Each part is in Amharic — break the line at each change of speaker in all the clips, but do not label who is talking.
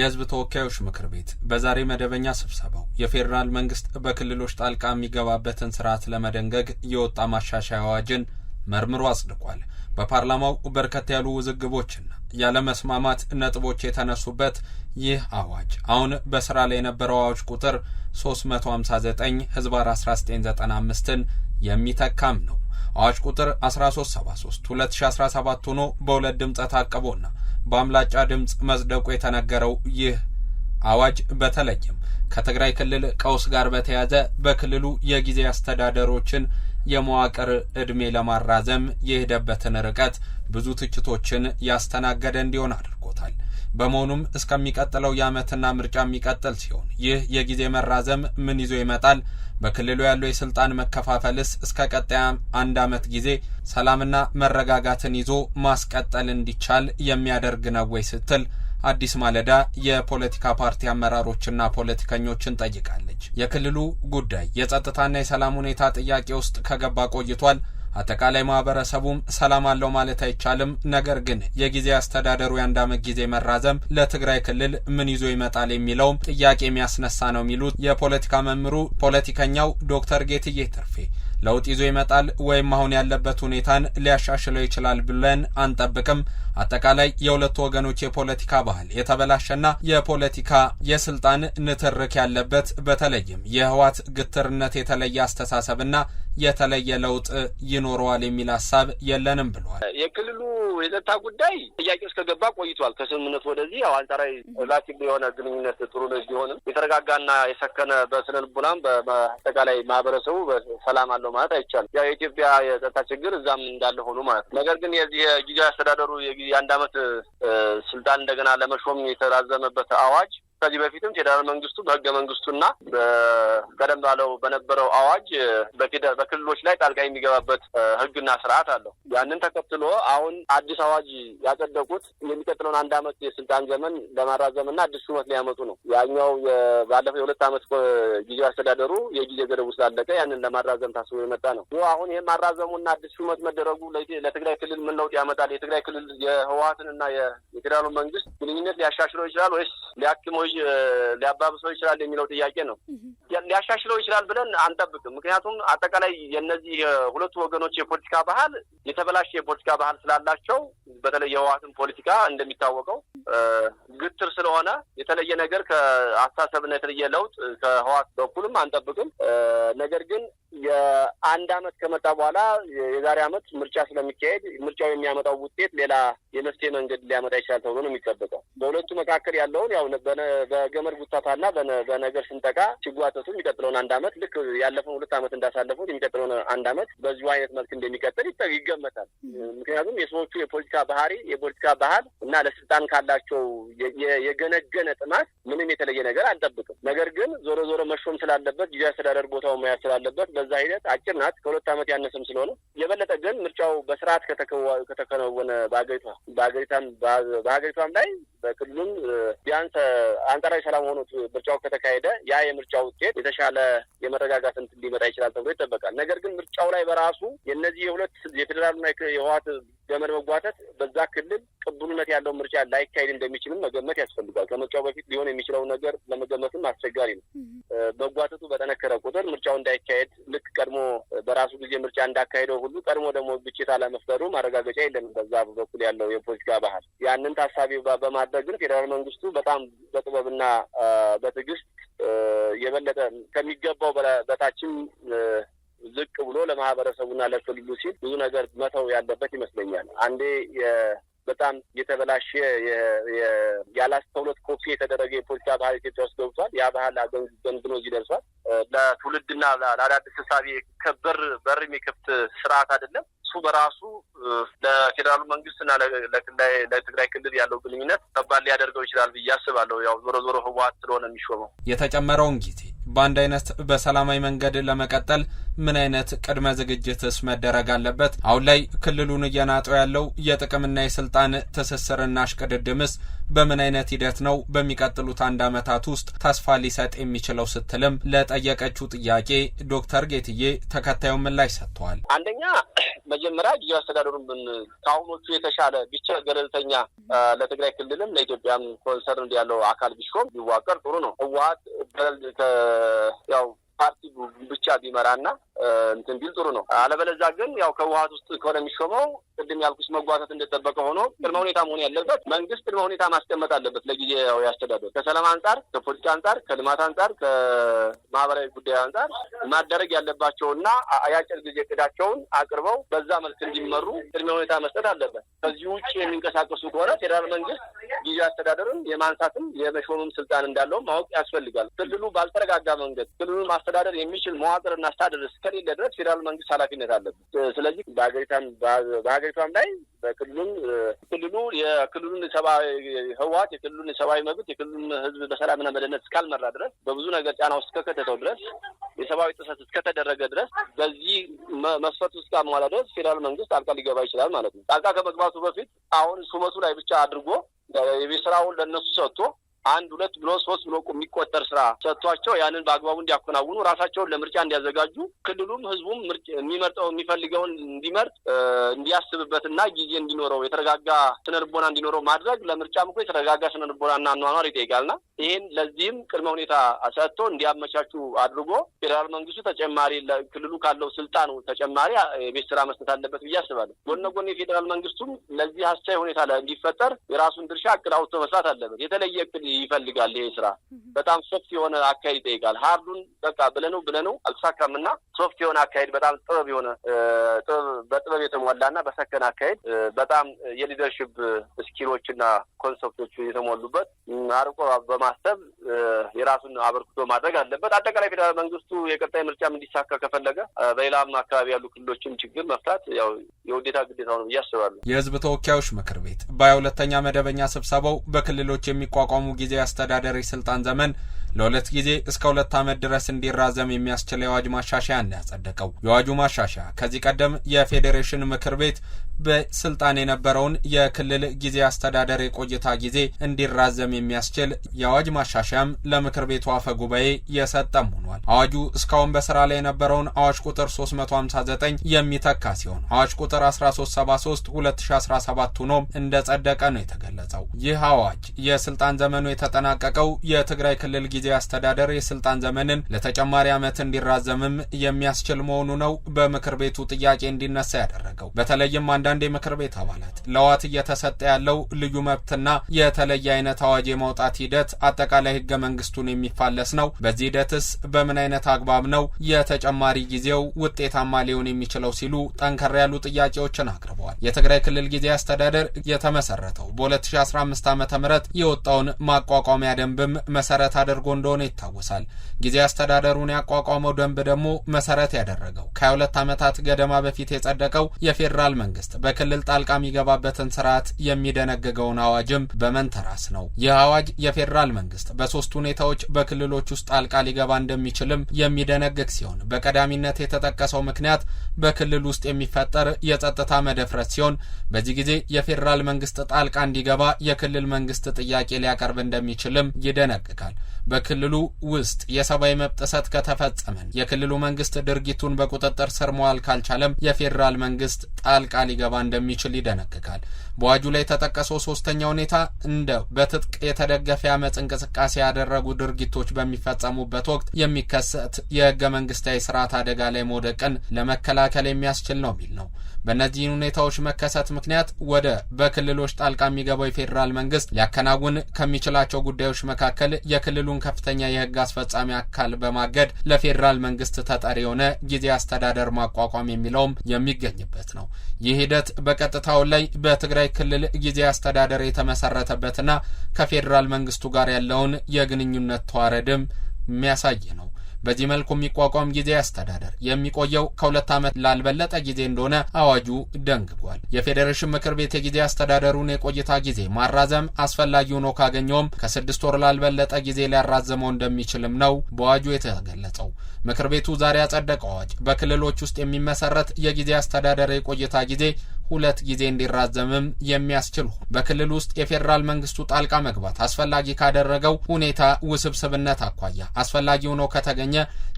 የህዝብ ተወካዮች ምክር ቤት በዛሬ መደበኛ ስብሰባው የፌዴራል መንግስት በክልሎች ጣልቃ የሚገባበትን ስርዓት ለመደንገግ የወጣ ማሻሻያ አዋጅን መርምሮ አጽድቋል። በፓርላማው በርከት ያሉ ውዝግቦችና ያለመስማማት ነጥቦች የተነሱበት ይህ አዋጅ አሁን በስራ ላይ የነበረው አዋጅ ቁጥር 359 ህዝባር 1995ን የሚተካም ነው። አዋጅ ቁጥር 1373 2017 ሆኖ በሁለት ድምፅ ታቅቦና በአምላጫ ድምፅ መጽደቁ የተነገረው ይህ አዋጅ በተለይም ከትግራይ ክልል ቀውስ ጋር በተያያዘ በክልሉ የጊዜ አስተዳደሮችን የመዋቅር ዕድሜ ለማራዘም የሄደበትን ርቀት ብዙ ትችቶችን ያስተናገደ እንዲሆን አድርጎታል። በመሆኑም እስከሚቀጥለው የዓመትና ምርጫ የሚቀጥል ሲሆን ይህ የጊዜ መራዘም ምን ይዞ ይመጣል? በክልሉ ያለው የስልጣን መከፋፈልስ እስከ ቀጣይ አንድ ዓመት ጊዜ ሰላምና መረጋጋትን ይዞ ማስቀጠል እንዲቻል የሚያደርግ ነው ወይ ስትል አዲስ ማለዳ የፖለቲካ ፓርቲ አመራሮችና ፖለቲከኞችን ጠይቃለች። የክልሉ ጉዳይ የጸጥታና የሰላም ሁኔታ ጥያቄ ውስጥ ከገባ ቆይቷል። አጠቃላይ ማህበረሰቡም ሰላም አለው ማለት አይቻልም። ነገር ግን የጊዜ አስተዳደሩ የአንድ ጊዜ መራዘም ለትግራይ ክልል ምን ይዞ ይመጣል የሚለውም ጥያቄ የሚያስነሳ ነው የሚሉት የፖለቲካ መምህሩ ፖለቲከኛው ዶክተር ጌትዬ ትርፌ ለውጥ ይዞ ይመጣል ወይም አሁን ያለበት ሁኔታን ሊያሻሽለው ይችላል ብለን አንጠብቅም። አጠቃላይ የሁለቱ ወገኖች የፖለቲካ ባህል የተበላሸና የፖለቲካ የስልጣን ንትርክ ያለበት በተለይም የህዋት ግትርነት የተለየ አስተሳሰብና የተለየ ለውጥ ይኖረዋል የሚል ሀሳብ የለንም ብለዋል።
የክልሉ የጸጥታ ጉዳይ ጥያቄ ውስጥ ከገባ ቆይቷል። ከስምምነት ወደዚህ ያው አንጻራዊ ላኪብ የሆነ ግንኙነት ጥሩ ቢሆንም የተረጋጋና የሰከነ በስነልቡናም በአጠቃላይ ማህበረሰቡ ሰላም አለው ነው ማለት አይቻልም። ያው የኢትዮጵያ የጸጥታ ችግር እዛም እንዳለ ሆኖ ማለት ነው። ነገር ግን የዚህ የጊዜያዊ አስተዳደሩ የአንድ አመት ስልጣን እንደገና ለመሾም የተራዘመበት አዋጅ ከዚህ በፊትም ፌዴራል መንግስቱ በህገ መንግስቱና ቀደም ባለው በነበረው አዋጅ በክልሎች ላይ ጣልቃ የሚገባበት ህግና ስርዓት አለው። ያንን ተከትሎ አሁን አዲስ አዋጅ ያጸደቁት የሚቀጥለውን አንድ አመት የስልጣን ዘመን ለማራዘምና አዲስ ሹመት ሊያመጡ ነው። ያኛው ባለፈው የሁለት አመት ጊዜ አስተዳደሩ የጊዜ ገደቡ ስላለቀ ያንን ለማራዘም ታስቦ የመጣ ነው። አሁን ይህ ማራዘሙና አዲስ ሹመት መደረጉ ለትግራይ ክልል ምን ለውጥ ያመጣል? የትግራይ ክልል የህወሀትንና የፌዴራሉ መንግስት ግንኙነት ሊያሻሽለው ይችላል ወይስ ሊያክመው ትንሽ ሊያባብሰው ይችላል የሚለው ጥያቄ ነው። ሊያሻሽለው ይችላል ብለን አንጠብቅም። ምክንያቱም አጠቃላይ የእነዚህ የሁለቱ ወገኖች የፖለቲካ ባህል የተበላሸ የፖለቲካ ባህል ስላላቸው በተለይ የህወሓትን ፖለቲካ እንደሚታወቀው ግትር ስለሆነ የተለየ ነገር ከአስተሳሰብና የተለየ ለውጥ ከህወሓት በኩልም አንጠብቅም። ነገር ግን የአንድ አመት ከመጣ በኋላ የዛሬ አመት ምርጫ ስለሚካሄድ ምርጫው የሚያመጣው ውጤት ሌላ የመፍትሄ መንገድ ሊያመጣ ይችላል ተብሎ ነው የሚጠበቀው። በሁለቱ መካከል ያለውን ያው በገመድ ጉታታና በነገር ስንጠቃ ሲጓተቱ የሚቀጥለውን አንድ አመት ልክ ያለፈውን ሁለት አመት እንዳሳለፉት የሚቀጥለውን አንድ አመት በዚሁ አይነት መልክ እንደሚቀጥል ይገመታል። ምክንያቱም የሰዎቹ የፖለቲካ ባህሪ፣ የፖለቲካ ባህል እና ለስልጣን ካላቸው የገነገነ ጥማት ምንም የተለየ ነገር አልጠብቅም። ነገር ግን ዞሮ ዞሮ መሾም ስላለበት ጊዜ አስተዳደር ቦታው መያዝ ስላለበት በዛ ሂደት አጭር ናት። ከሁለት ዓመት ያነሰም ስለሆነ የበለጠ ግን ምርጫው በስርዓት ከተከናወነ በሀገሪቷ በሀገሪቷም በሀገሪቷም ላይ በክልሉም ቢያንስ አንጻራዊ ሰላም ሆኖ ምርጫው ከተካሄደ ያ የምርጫ ውጤት የተሻለ የመረጋጋት እንትን ሊመጣ ይችላል ተብሎ ይጠበቃል። ነገር ግን ምርጫው ላይ በራሱ የእነዚህ የሁለት የፌዴራሉና የህወሓት ገመድ መጓተት በዛ ክልል ቅቡልነት ያለው ምርጫ ላይካሄድ እንደሚችልም መገመት ያስፈልጋል። ከምርጫው በፊት ሊሆን የሚችለው ነገር ለመገመትም አስቸጋሪ ነው። መጓተቱ በጠነከረ ቁጥር ምርጫው እንዳይካሄድ ልክ ቀድሞ በራሱ ጊዜ ምርጫ እንዳካሄደው ሁሉ ቀድሞ ደግሞ ግጭት አለመፍጠሩ ማረጋገጫ የለንም። በዛ በኩል ያለው የፖለቲካ ባህል ያንን ታሳቢ በማድረግ ግን ፌዴራል መንግስቱ በጣም በጥበብና በትዕግስት የበለጠ ከሚገባው በታችም ዝቅ ብሎ ለማህበረሰቡና ለክልሉ ሲል ብዙ ነገር መተው ያለበት ይመስለኛል። አንዴ በጣም የተበላሸ ያላስተውሎት ኮፒ የተደረገ የፖለቲካ ባህል ኢትዮጵያ ውስጥ ገብቷል። ያ ባህል ገንግኖ እዚህ ደርሷል። ለትውልድና ለአዳዲስ ህሳቤ ከበር በር የሚከፍት ስርዓት አይደለም። እሱ በራሱ ለፌዴራሉ መንግስትና ለትግራይ ክልል ያለው ግንኙነት ከባድ ሊያደርገው ይችላል ብዬ አስባለሁ። ያው ዞሮ ዞሮ ህወሓት ስለሆነ የሚሾመው
የተጨመረውን ጊዜ በአንድ አይነት በሰላማዊ መንገድ ለመቀጠል ምን አይነት ቅድመ ዝግጅትስ መደረግ አለበት? አሁን ላይ ክልሉን እየናጠው ያለው የጥቅምና የስልጣን ትስስርና አሽቅድድምስ በምን አይነት ሂደት ነው በሚቀጥሉት አንድ አመታት ውስጥ ተስፋ ሊሰጥ የሚችለው ስትልም ለጠየቀችው ጥያቄ ዶክተር ጌትዬ ተከታዩን ምላሽ ሰጥተዋል።
አንደኛ መጀመሪያ ጊዜ አስተዳደሩን ብን ከአሁኖቹ የተሻለ ብቻ ገለልተኛ ለትግራይ ክልልም ለኢትዮጵያም ኮንሰርን ያለው አካል ቢሾም ቢዋቀር ጥሩ ነው። ህወሀት ያው ፓርቲ ብቻ ቢመራና እንትን ቢል ጥሩ ነው። አለበለዛ ግን ያው ከውሀት ውስጥ ከሆነ የሚሾመው ቅድም ያልኩሽ መጓተት እንደጠበቀ ሆኖ ቅድመ ሁኔታ መሆን ያለበት መንግስት ቅድመ ሁኔታ ማስቀመጥ አለበት ያው አስተዳደር ከሰላም አንጻር፣ ከፖለቲካ አንጻር፣ ከልማት አንጻር፣ ከማህበራዊ ጉዳይ አንጻር ማደረግ ያለባቸውና የአጭር ጊዜ እቅዳቸውን አቅርበው በዛ መልክ እንዲመሩ ቅድመ ሁኔታ መስጠት አለበት። ከዚህ ውጭ የሚንቀሳቀሱ ከሆነ ፌዴራል መንግስት ጊዜ አስተዳደርን የማንሳትም የመሾምም ስልጣን እንዳለውም ማወቅ ያስፈልጋል። ክልሉ ባልተረጋጋ መንገድ ክልሉን ማስተዳደር የሚችል መዋቅርና አስተዳደር እስከሌለ ድረስ ፌዴራል መንግስት ኃላፊነት አለበት። ስለዚህ በሀገሪቷም በሀገሪቷም ላይ በክልሉም ክልሉ የክልሉን ሰብአዊ ህወሀት የክልሉን ሰብአዊ መብት የክልሉን ህዝብ በሰላምና መደነት እስካልመራ ድረስ በብዙ ነገር ጫና ውስጥ እስከከተተው ድረስ የሰብአዊ ጥሰት እስከተደረገ ድረስ በዚህ መስፈርት ውስጥ ካሟላ ድረስ ፌዴራል መንግስት ጣልቃ ሊገባ ይችላል ማለት ነው። ጣልቃ ከመግባቱ በፊት አሁን ሹመቱ ላይ ብቻ አድርጎ የቤት ስራውን ለእነሱ ሰጥቶ አንድ ሁለት ብሎ ሶስት ብሎ የሚቆጠር ስራ ሰጥቷቸው ያንን በአግባቡ እንዲያከናውኑ ራሳቸውን ለምርጫ እንዲያዘጋጁ ክልሉም ህዝቡም የሚመርጠው የሚፈልገውን እንዲመርጥ እንዲያስብበትና ጊዜ እንዲኖረው የተረጋጋ ስነልቦና እንዲኖረው ማድረግ ለምርጫ ምኮ የተረጋጋ ስነልቦናና አኗኗር ይጠይቃልና ይህን ለዚህም ቅድመ ሁኔታ ሰጥቶ እንዲያመቻቹ አድርጎ ፌዴራል መንግስቱ ተጨማሪ ክልሉ ካለው ስልጣኑ ተጨማሪ የቤት ስራ መስጠት አለበት ብዬ አስባለሁ። ጎን ለጎን የፌዴራል መንግስቱም ለዚህ አስቻይ ሁኔታ እንዲፈጠር የራሱን ድርሻ እቅድ አውጥቶ መስራት አለበት። የተለየ እቅድ ይፈልጋል። ይሄ ስራ በጣም ሶፍት የሆነ አካሄድ ይጠይቃል። ሀርዱን በቃ ብለነው ብለነው አልተሳካም ና ሶፍት የሆነ አካሄድ በጣም ጥበብ የሆነ በጥበብ የተሞላ ና በሰከን አካሄድ በጣም የሊደርሽፕ ስኪሎች ና ኮንሰፕቶች የተሞሉበት አርቆ በማሰብ የራሱን አበርክቶ ማድረግ አለበት። አጠቃላይ ፌደራል መንግስቱ የቀጣይ ምርጫም እንዲሳካ ከፈለገ በሌላም አካባቢ ያሉ ክልሎችን ችግር መፍታት ያው የውዴታ ግዴታ ነው ብዬ አስባለሁ።
የህዝብ ተወካዮች ምክር ቤት በሀያ ሁለተኛ መደበኛ ስብሰባው በክልሎች የሚቋቋሙ ጊዜያዊ አስተዳደር የስልጣን ዘመን ለሁለት ጊዜ እስከ ሁለት ዓመት ድረስ እንዲራዘም የሚያስችል የአዋጅ ማሻሻያን ያጸደቀው። የአዋጁ ማሻሻያ ከዚህ ቀደም የፌዴሬሽን ምክር ቤት በስልጣን የነበረውን የክልል ጊዜ አስተዳደር የቆይታ ጊዜ እንዲራዘም የሚያስችል የአዋጅ ማሻሻያም ለምክር ቤቱ አፈ ጉባኤ የሰጠም ሆኗል። አዋጁ እስካሁን በስራ ላይ የነበረውን አዋጅ ቁጥር 359 የሚተካ ሲሆን አዋጅ ቁጥር 1373 2017 ሆኖም እንደጸደቀ ነው የተገለጸው። ይህ አዋጅ የስልጣን ዘመኑ የተጠናቀቀው የትግራይ ክልል ጊዜ ጊዜ አስተዳደር የስልጣን ዘመንን ለተጨማሪ ዓመት እንዲራዘምም የሚያስችል መሆኑ ነው በምክር ቤቱ ጥያቄ እንዲነሳ ያደረገው። በተለይም አንዳንድ የምክር ቤት አባላት ለዋት እየተሰጠ ያለው ልዩ መብትና የተለየ አይነት አዋጅ የማውጣት ሂደት አጠቃላይ ህገ መንግስቱን የሚፋለስ ነው፣ በዚህ ሂደትስ በምን አይነት አግባብ ነው የተጨማሪ ጊዜው ውጤታማ ሊሆን የሚችለው ሲሉ ጠንከር ያሉ ጥያቄዎችን አቅርበዋል። የትግራይ ክልል ጊዜ አስተዳደር የተመሰረተው በ2015 ዓ ም የወጣውን ማቋቋሚያ ደንብም መሰረት አድርጎ እንደሆነ ይታወሳል። ጊዜ አስተዳደሩን ያቋቋመው ደንብ ደግሞ መሰረት ያደረገው ከሁለት ዓመታት ገደማ በፊት የጸደቀው የፌዴራል መንግስት በክልል ጣልቃ የሚገባበትን ስርዓት የሚደነግገውን አዋጅም በመንተራስ ነው። ይህ አዋጅ የፌዴራል መንግስት በሶስት ሁኔታዎች በክልሎች ውስጥ ጣልቃ ሊገባ እንደሚችልም የሚደነግግ ሲሆን በቀዳሚነት የተጠቀሰው ምክንያት በክልል ውስጥ የሚፈጠር የጸጥታ መደፍረት ሲሆን በዚህ ጊዜ የፌዴራል መንግስት ጣልቃ እንዲገባ የክልል መንግስት ጥያቄ ሊያቀርብ እንደሚችልም ይደነግጋል። በክልሉ ውስጥ የሰብአዊ መብት ጥሰት ከተፈጸመን የክልሉ መንግስት ድርጊቱን በቁጥጥር ስር መዋል ካልቻለም የፌዴራል መንግስት ጣልቃ ሊገባ እንደሚችል ይደነግጋል። በአዋጁ ላይ የተጠቀሰው ሶስተኛ ሁኔታ እንደ በትጥቅ የተደገፈ የአመፅ እንቅስቃሴ ያደረጉ ድርጊቶች በሚፈጸሙበት ወቅት የሚከሰት የህገ መንግስታዊ ስርዓት አደጋ ላይ መውደቅን ለመከላከል የሚያስችል ነው የሚል ነው። በእነዚህ ሁኔታዎች መከሰት ምክንያት ወደ በክልሎች ጣልቃ የሚገባው የፌዴራል መንግስት ሊያከናውን ከሚችላቸው ጉዳዮች መካከል የክልሉን ከፍተኛ የህግ አስፈጻሚ አካል በማገድ ለፌዴራል መንግስት ተጠሪ የሆነ ጊዜ አስተዳደር ማቋቋም የሚለውም የሚገኝበት ነው። ይህ ሂደት በቀጥታው ላይ በትግራይ ክልል ጊዜ አስተዳደር የተመሰረተበትና ከፌዴራል መንግስቱ ጋር ያለውን የግንኙነት ተዋረድም የሚያሳይ ነው። በዚህ መልኩ የሚቋቋም ጊዜ አስተዳደር የሚቆየው ከሁለት ዓመት ላልበለጠ ጊዜ እንደሆነ አዋጁ ደንግጓል። የፌዴሬሽን ምክር ቤት የጊዜ አስተዳደሩን የቆይታ ጊዜ ማራዘም አስፈላጊ ሆኖ ካገኘውም ከስድስት ወር ላልበለጠ ጊዜ ሊያራዘመው እንደሚችልም ነው በአዋጁ የተገለጸው። ምክር ቤቱ ዛሬ ያጸደቀው አዋጅ በክልሎች ውስጥ የሚመሰረት የጊዜ አስተዳደር የቆይታ ጊዜ ሁለት ጊዜ እንዲራዘምም የሚያስችል በክልል ውስጥ የፌዴራል መንግስቱ ጣልቃ መግባት አስፈላጊ ካደረገው ሁኔታ ውስብስብነት አኳያ አስፈላጊ ሆኖ ከተገኘ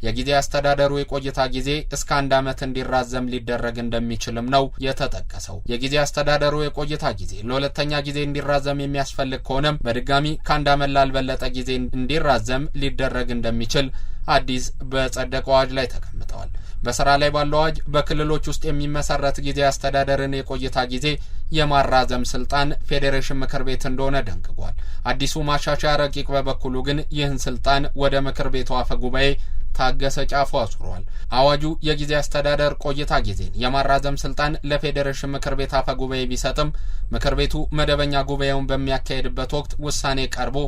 የጊዜ አስተዳደሩ የቆይታ ጊዜ እስከ አንድ ዓመት እንዲራዘም ሊደረግ እንደሚችልም ነው የተጠቀሰው። የጊዜ አስተዳደሩ የቆይታ ጊዜ ለሁለተኛ ጊዜ እንዲራዘም የሚያስፈልግ ከሆነም በድጋሚ ከአንድ ዓመት ላልበለጠ ጊዜ እንዲራዘም ሊደረግ እንደሚችል አዲስ በጸደቀው አዋጅ ላይ ተቀምጠዋል። በስራ ላይ ባለው አዋጅ በክልሎች ውስጥ የሚመሰረት ጊዜ አስተዳደርን የቆይታ ጊዜ የማራዘም ስልጣን ፌዴሬሽን ምክር ቤት እንደሆነ ደንግጓል። አዲሱ ማሻሻያ ረቂቅ በበኩሉ ግን ይህን ስልጣን ወደ ምክር ቤቱ አፈ ጉባኤ ታገሰ ጫፉ አስሯል። አዋጁ የጊዜ አስተዳደር ቆይታ ጊዜን የማራዘም ስልጣን ለፌዴሬሽን ምክር ቤት አፈ ጉባኤ ቢሰጥም ምክር ቤቱ መደበኛ ጉባኤውን በሚያካሄድበት ወቅት ውሳኔ ቀርቦ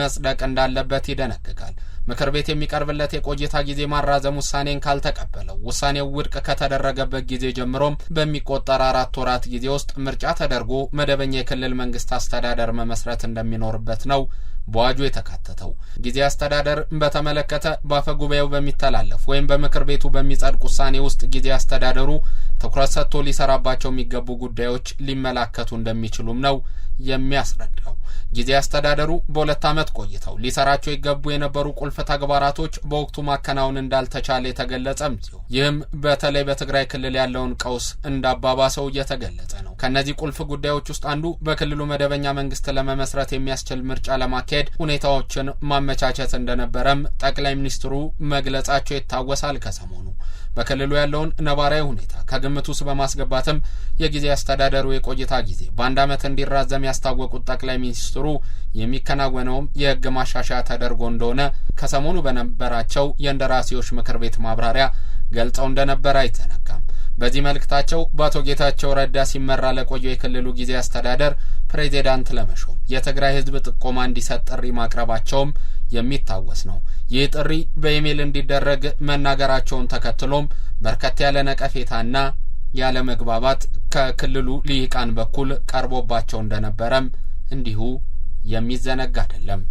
መጽደቅ እንዳለበት ይደነግጋል። ምክር ቤት የሚቀርብለት የቆይታ ጊዜ ማራዘም ውሳኔን ካልተቀበለው ውሳኔው ውድቅ ከተደረገበት ጊዜ ጀምሮም በሚቆጠር አራት ወራት ጊዜ ውስጥ ምርጫ ተደርጎ መደበኛ የክልል መንግስት አስተዳደር መመስረት እንደሚኖርበት ነው በዋጁ የተካተተው ጊዜ አስተዳደር በተመለከተ በአፈ ጉባኤው በሚተላለፍ ወይም በምክር ቤቱ በሚጸድቅ ውሳኔ ውስጥ ጊዜ አስተዳደሩ ትኩረት ሰጥቶ ሊሰራባቸው የሚገቡ ጉዳዮች ሊመላከቱ እንደሚችሉም ነው የሚያስረዳው። ጊዜ አስተዳደሩ በሁለት ዓመት ቆይተው ሊሰራቸው ይገቡ የነበሩ ቁልፍ ተግባራቶች በወቅቱ ማከናወን እንዳልተቻለ የተገለጸም ሲሆን ይህም በተለይ በትግራይ ክልል ያለውን ቀውስ እንዳባባሰው እየተገለጸ ነው። ከእነዚህ ቁልፍ ጉዳዮች ውስጥ አንዱ በክልሉ መደበኛ መንግስት ለመመስረት የሚያስችል ምርጫ ለማ ለማካሄድ ሁኔታዎችን ማመቻቸት እንደነበረም ጠቅላይ ሚኒስትሩ መግለጻቸው ይታወሳል። ከሰሞኑ በክልሉ ያለውን ነባራዊ ሁኔታ ከግምት ውስጥ በማስገባትም የጊዜ አስተዳደሩ የቆይታ ጊዜ በአንድ ዓመት እንዲራዘም ያስታወቁት ጠቅላይ ሚኒስትሩ የሚከናወነውም የህግ ማሻሻያ ተደርጎ እንደሆነ ከሰሞኑ በነበራቸው የእንደራሴዎች ምክር ቤት ማብራሪያ ገልጸው እንደነበረ አይዘነጋም። በዚህ መልእክታቸው በአቶ ጌታቸው ረዳ ሲመራ ለቆየው የክልሉ ጊዜ አስተዳደር ፕሬዚዳንት ለመሾም የትግራይ ህዝብ ጥቆማ እንዲሰጥ ጥሪ ማቅረባቸውም የሚታወስ ነው። ይህ ጥሪ በኢሜይል እንዲደረግ መናገራቸውን ተከትሎም በርከት ያለ ነቀፌታና ያለ መግባባት ከክልሉ ልሂቃን በኩል ቀርቦባቸው እንደነበረም እንዲሁ የሚዘነጋ አይደለም።